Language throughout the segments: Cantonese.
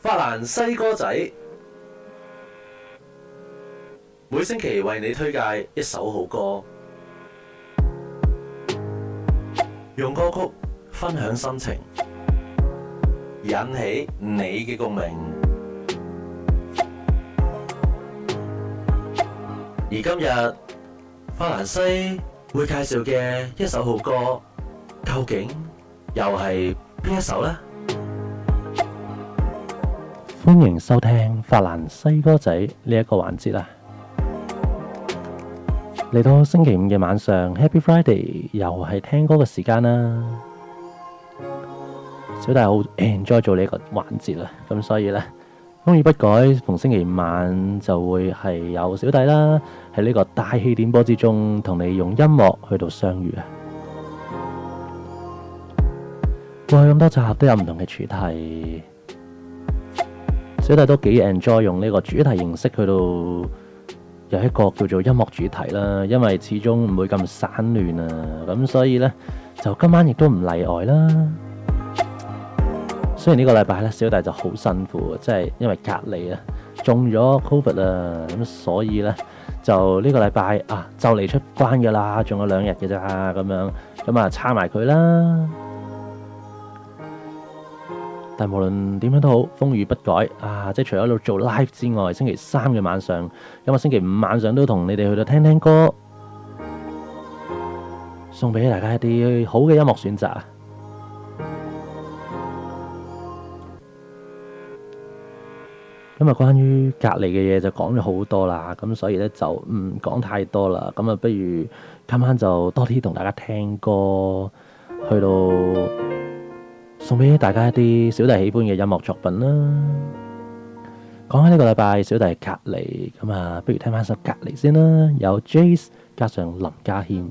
法蘭西歌仔每星期為你推介一首好歌，用歌曲分享心情，引起你嘅共鳴。而今日法蘭西會介紹嘅一首好歌，究竟又係邊一首呢？歡迎收聽法蘭西歌仔呢一個環節啊！嚟到星期五嘅晚上，Happy Friday，又係聽歌嘅時間啦。小弟好 enjoy 做呢一個環節啊，咁所以呢，風雨不改，逢星期五晚就會係有小弟啦，喺呢個大氣電波之中，同你用音樂去到相遇啊！過去咁多集都有唔同嘅主題。小弟都幾 enjoy 用呢個主題形式去到有一個叫做音樂主題啦，因為始終唔會咁散亂啊，咁所以呢，就今晚亦都唔例外啦。雖然呢個禮拜呢，小弟就好辛苦，即係因為隔離啊，中咗 covid 啊，咁所以呢，就呢個禮拜啊就嚟出關㗎喇，仲有兩日嘅咋，咁樣，咁啊撐埋佢啦。但係無論點樣都好，風雨不改啊！即係除咗喺度做 live 之外，星期三嘅晚上，今日星期五晚上都同你哋去到聽聽歌，送俾大家一啲好嘅音樂選擇啊！今日關於隔離嘅嘢就講咗好多啦，咁所以呢就唔講太多啦。咁啊，不如今晚就多啲同大家聽歌，去到。送俾大家一啲小弟喜歡嘅音樂作品啦。講起呢個禮拜，小弟隔離，咁啊，不如聽翻首隔離先啦。有 Jace 加上林家謙。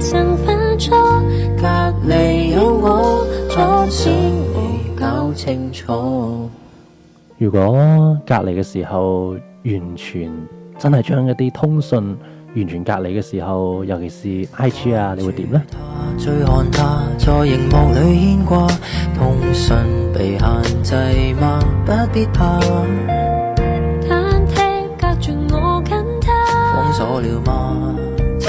曾分錯，隔離有我，你搞清楚。如果隔離嘅時候，完全真係將一啲通訊完全隔離嘅時候，尤其是 IG 啊，你會點呢，封鎖了嗎？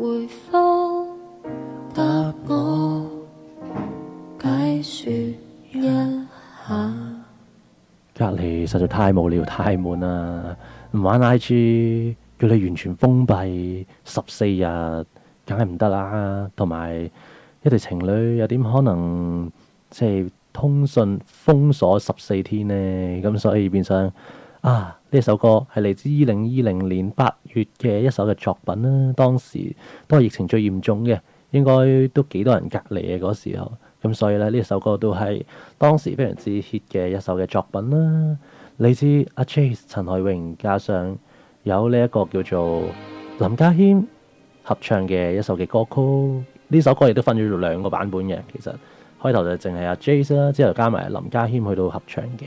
回覆答我，解說一下。隔離實在太無聊太悶啦，唔玩 IG 叫你完全封閉十四日，梗係唔得啦。同埋一對情侶，又點可能即係通訊封鎖十四天呢？咁所以變相。啊！呢首歌係嚟自二零二零年八月嘅一首嘅作品啦，當時都係疫情最嚴重嘅，應該都幾多人隔離嘅嗰時候，咁所以咧呢呢首歌都係當時非常之 hit 嘅一首嘅作品啦。嚟自阿 Jace 陳凱榮加上有呢一個叫做林家謙合唱嘅一首嘅歌曲，呢首歌亦都分咗做兩個版本嘅。其實開頭就淨係阿 Jace 啦，之後加埋林家謙去到合唱嘅。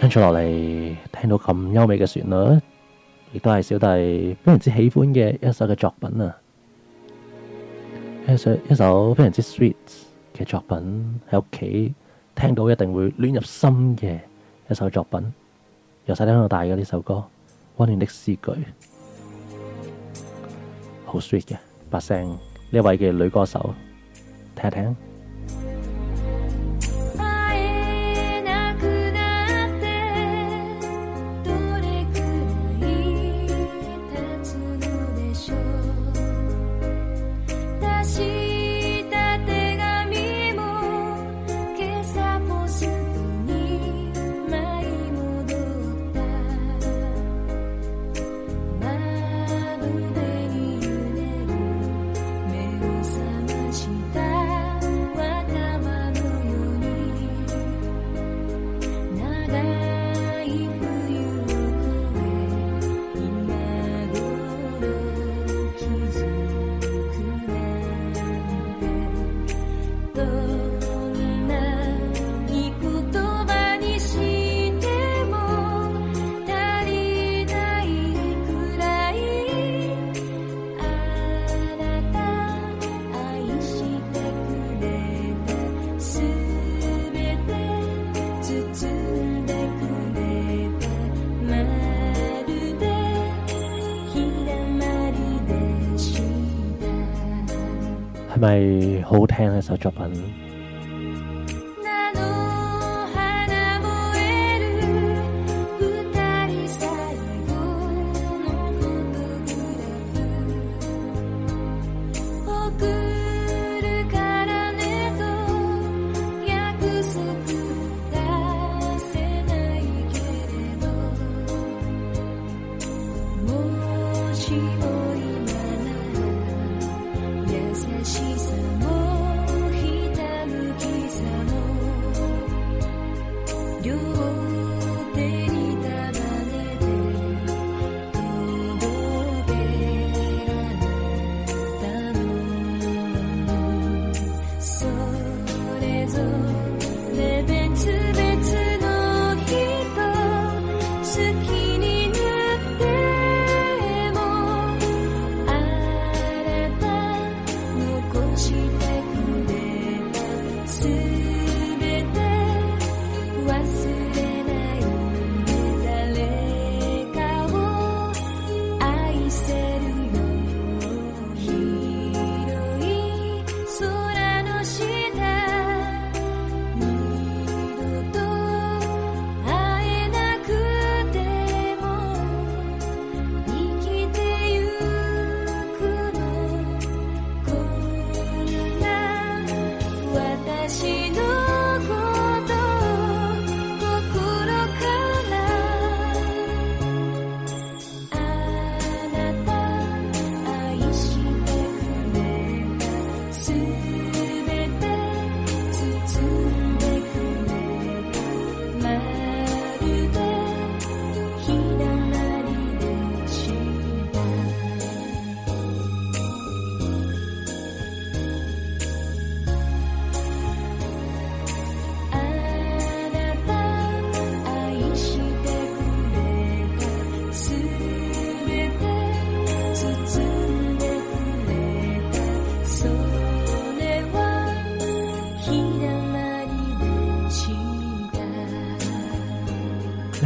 跟住落嚟，聽到咁優美嘅旋律，亦都係小弟非常之喜歡嘅一首嘅作品啊！一首一首非常之 sweet 嘅作品，喺屋企聽到一定會亂入心嘅一首作品，由細聽到大嘅呢首歌《溫暖的詩句》，好 sweet 嘅，把聲呢位嘅女歌手，聽一聽。係好聽嘅一首作品。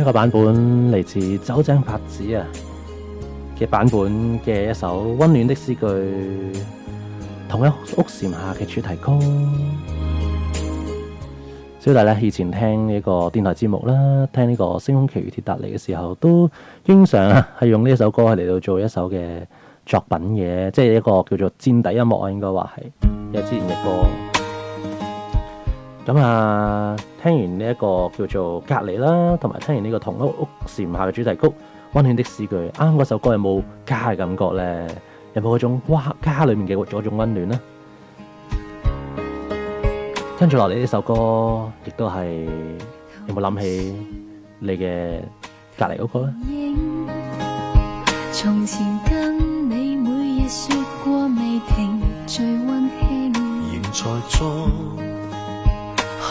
個版本嚟自，酒井法子啊嘅版本嘅一首溫暖的詩句，同一屋檐下嘅主題曲。小弟咧以前聽呢個電台節目啦，聽呢、這個《星空奇遇鐵達尼》嘅時候，都經常係用呢一首歌嚟到做一首嘅作品嘅，即係一個叫做墊底音樂啊，我應該話係一之前一歌。咁啊、嗯，聽完呢一個叫做隔籬啦，同埋聽完呢個同屋屋檐下嘅主題曲《溫暖的詩句》，啱嗰首歌有冇家嘅感覺咧？有冇嗰種哇家裏面嘅嗰種溫暖呢？跟住落嚟，呢首歌，亦都係有冇諗起你嘅隔籬嗰個咧？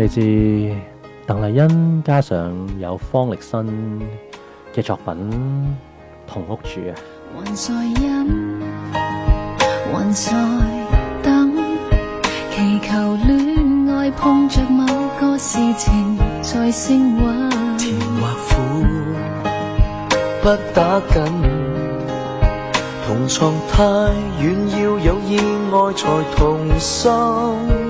來自鄧麗欣，恩加上有方力申嘅作品《同屋住》啊。還在忍，還在等，祈求戀愛碰着某個事情再升溫。甜或苦，不打緊，同床太遠，要有意外才同心。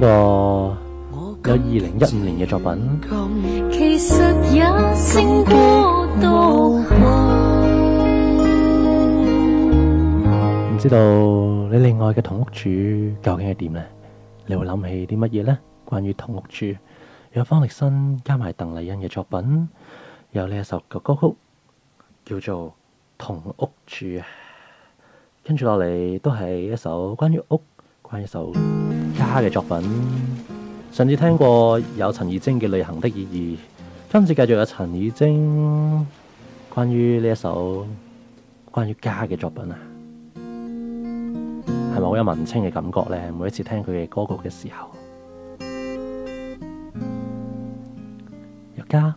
個有二零一五年嘅作品，唔知道你另外嘅同屋主究竟係點呢？你會諗起啲乜嘢呢？關於同屋主，有方力申加埋鄧麗欣嘅作品，有呢一首嘅歌曲叫做《同屋主》，跟住落嚟都係一首關於屋，關於一首。家嘅作品，上次聽過有陳綺貞嘅《旅行的意義》，今次繼續有陳綺貞關於呢一首關於家嘅作品啊，係咪好有文青嘅感覺呢？每一次聽佢嘅歌曲嘅時候，有家。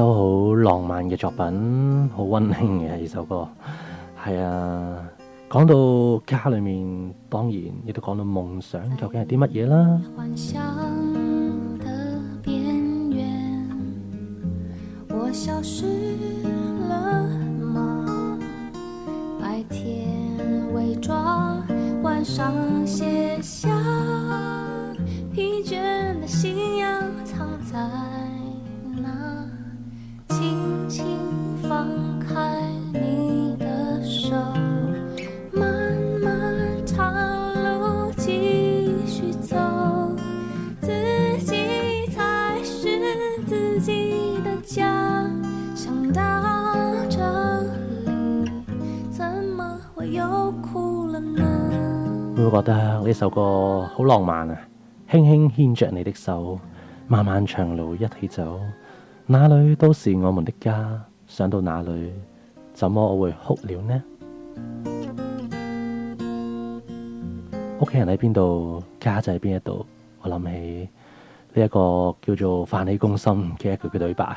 都好浪漫嘅作品，好溫馨嘅呢首歌，係啊。講到家裏面，當然亦都講到夢想究竟係啲乜嘢啦。嗯首歌好浪漫啊！輕輕牽着你的手，漫漫長路一起走，哪裏都是我們的家。想到哪裏，怎麼我會哭了呢？屋企 人喺邊度，家就喺邊一度。我諗起呢一個叫做飯氣攻心嘅一句嘅對白。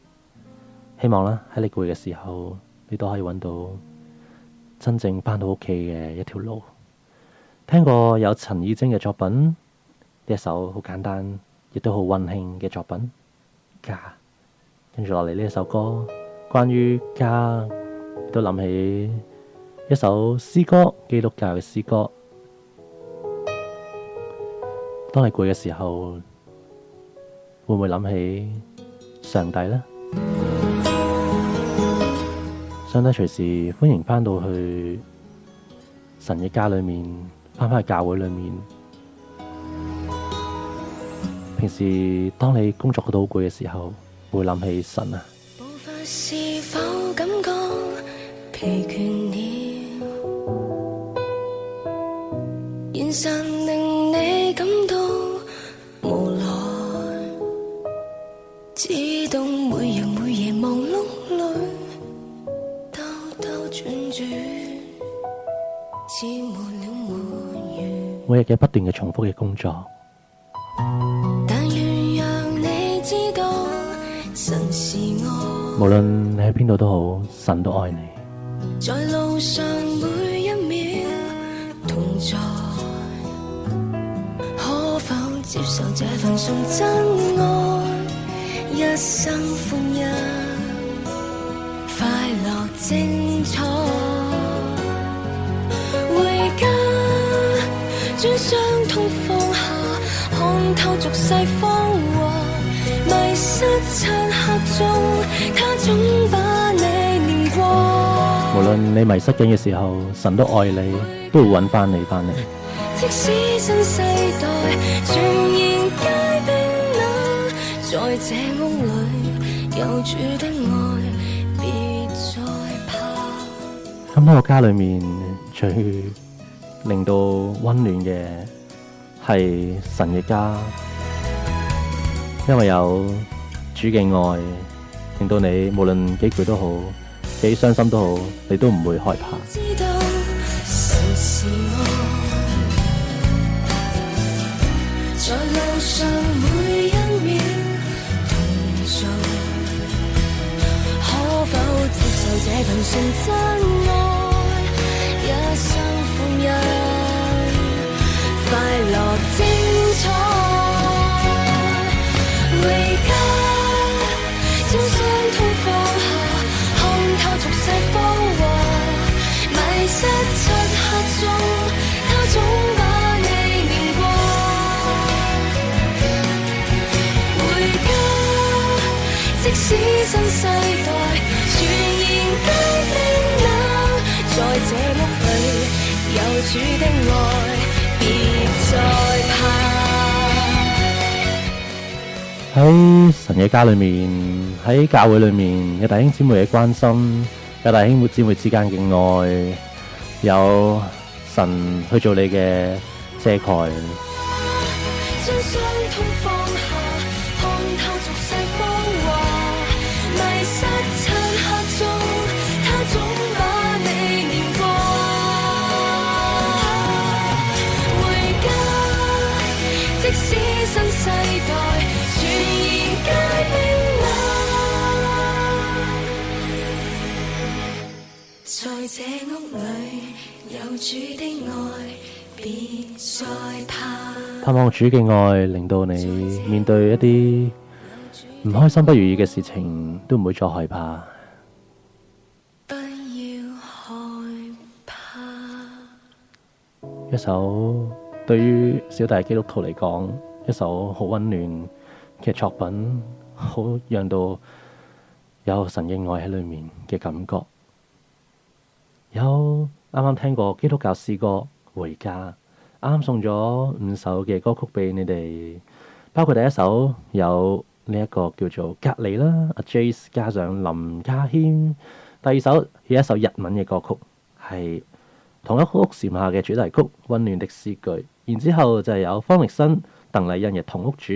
希望啦，喺你攰嘅時候，你都可以揾到真正翻到屋企嘅一條路。聽過有陳綺貞嘅作品，呢一首好簡單，亦都好溫馨嘅作品。家，跟住落嚟呢一首歌，關於家，都諗起一首詩歌，基督教嘅詩歌。當你攰嘅時候，會唔會諗起上帝呢？相當隨時歡迎翻到去神嘅家裏面，翻返去教會裏面。平時當你工作覺得好攰嘅時候，會諗起神啊。每日嘅不斷嘅重複嘅工作。但願讓你知道，神是愛。無論你喺邊度都好，神都愛你。在路上每一秒同在，可否接受這份無論你迷失境、嘅時候，神都愛你，都會揾翻你翻嚟。即使新世代全然皆冰冷，在這屋裏有主的愛，別再怕。咁，我家裏面最令到溫暖嘅係神嘅家，因為有主嘅愛，令到你無論幾攰都好，幾傷心都好，你都唔會害怕。在路上每一秒同你，可否接受這份純真愛？喺神嘅家裏面，喺教會裏面，有弟兄姊妹嘅關心，有弟兄姊妹之間嘅愛，有神去做你嘅遮蓋。盼望主嘅愛，令到你面對一啲唔開心、不如意嘅事情，都唔會再害怕。不要害怕。一首對於小弟基督徒嚟講，一首好溫暖嘅作品，好讓到有神嘅愛喺裏面嘅感覺。有。啱啱聽過基督教詩歌《回家》，啱啱送咗五首嘅歌曲俾你哋，包括第一首有呢一個叫做《隔離》啦，阿、啊、Jace 加上林家謙。第二首有一首日文嘅歌曲，係同一屋檐下嘅主題曲《温暖的詩句》。然之後就有方力申、鄧麗欣嘅《同屋主》。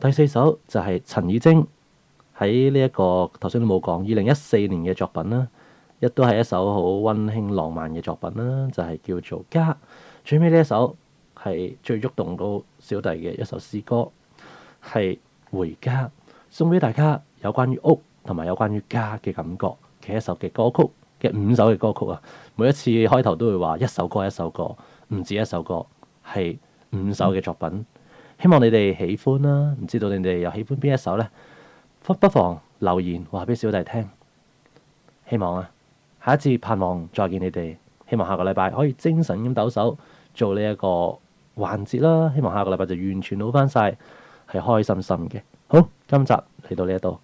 第四首就係陳雨菁喺呢一個頭先都冇講二零一四年嘅作品啦。亦都係一首好溫馨浪漫嘅作品啦，就係叫做家。最尾呢一首係最喐動到小弟嘅一首詩歌，係回家送俾大家，有關於屋同埋有關於家嘅感覺嘅一首嘅歌曲嘅五首嘅歌曲啊！每一次開頭都會話一首歌，一首歌唔止一首歌，係五首嘅作品。希望你哋喜歡啦，唔知道你哋又喜歡邊一首呢？不，不妨留言話俾小弟聽，希望啊～下一次盼望再見你哋，希望下個禮拜可以精神咁抖擻做呢一個環節啦。希望下個禮拜就完全好翻晒，係開心心嘅。好，今集嚟到呢一度。